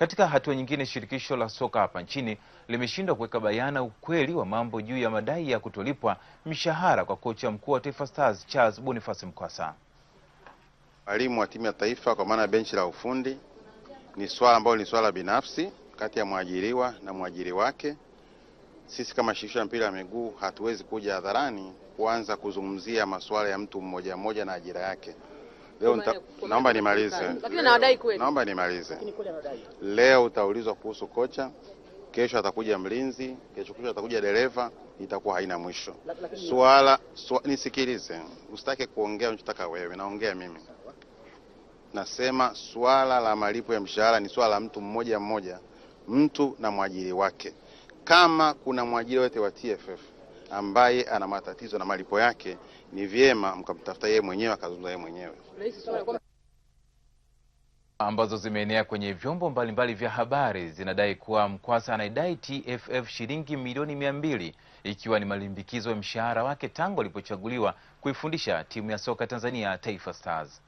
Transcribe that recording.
Katika hatua nyingine, shirikisho la soka hapa nchini limeshindwa kuweka bayana ukweli wa mambo juu ya madai ya kutolipwa mishahara kwa kocha mkuu wa Taifa Stars Charles Boniface Mkwasa. Walimu wa timu ya taifa kwa maana benchi la ufundi ni swala ambalo ni swala binafsi kati ya mwajiriwa na mwajiri wake. Sisi kama shirikisho la mpira wa miguu hatuwezi kuja hadharani kuanza kuzungumzia masuala ya mtu mmoja mmoja na ajira yake leo nita, naomba nimalize, lakini nawadai kweli, naomba nimalize. Leo utaulizwa kuhusu kocha, kesho atakuja mlinzi, kesho kesho atakuja dereva, itakuwa haina mwisho swala. Swa, nisikilize, usitake kuongea unachotaka wewe, naongea mimi. Nasema swala la malipo ya mshahara ni swala la mtu mmoja mmoja, mtu na mwajiri wake. Kama kuna mwajiri wote wa TFF ambaye ana matatizo na malipo yake, ni vyema mkamtafuta yeye mwenyewe akazungumza yeye mwenyewe ambazo zimeenea kwenye vyombo mbalimbali vya habari zinadai kuwa Mkwasa anaidai TFF shilingi milioni mia mbili ikiwa ni malimbikizo ya mshahara wake tangu alipochaguliwa kuifundisha timu ya soka Tanzania Taifa Stars.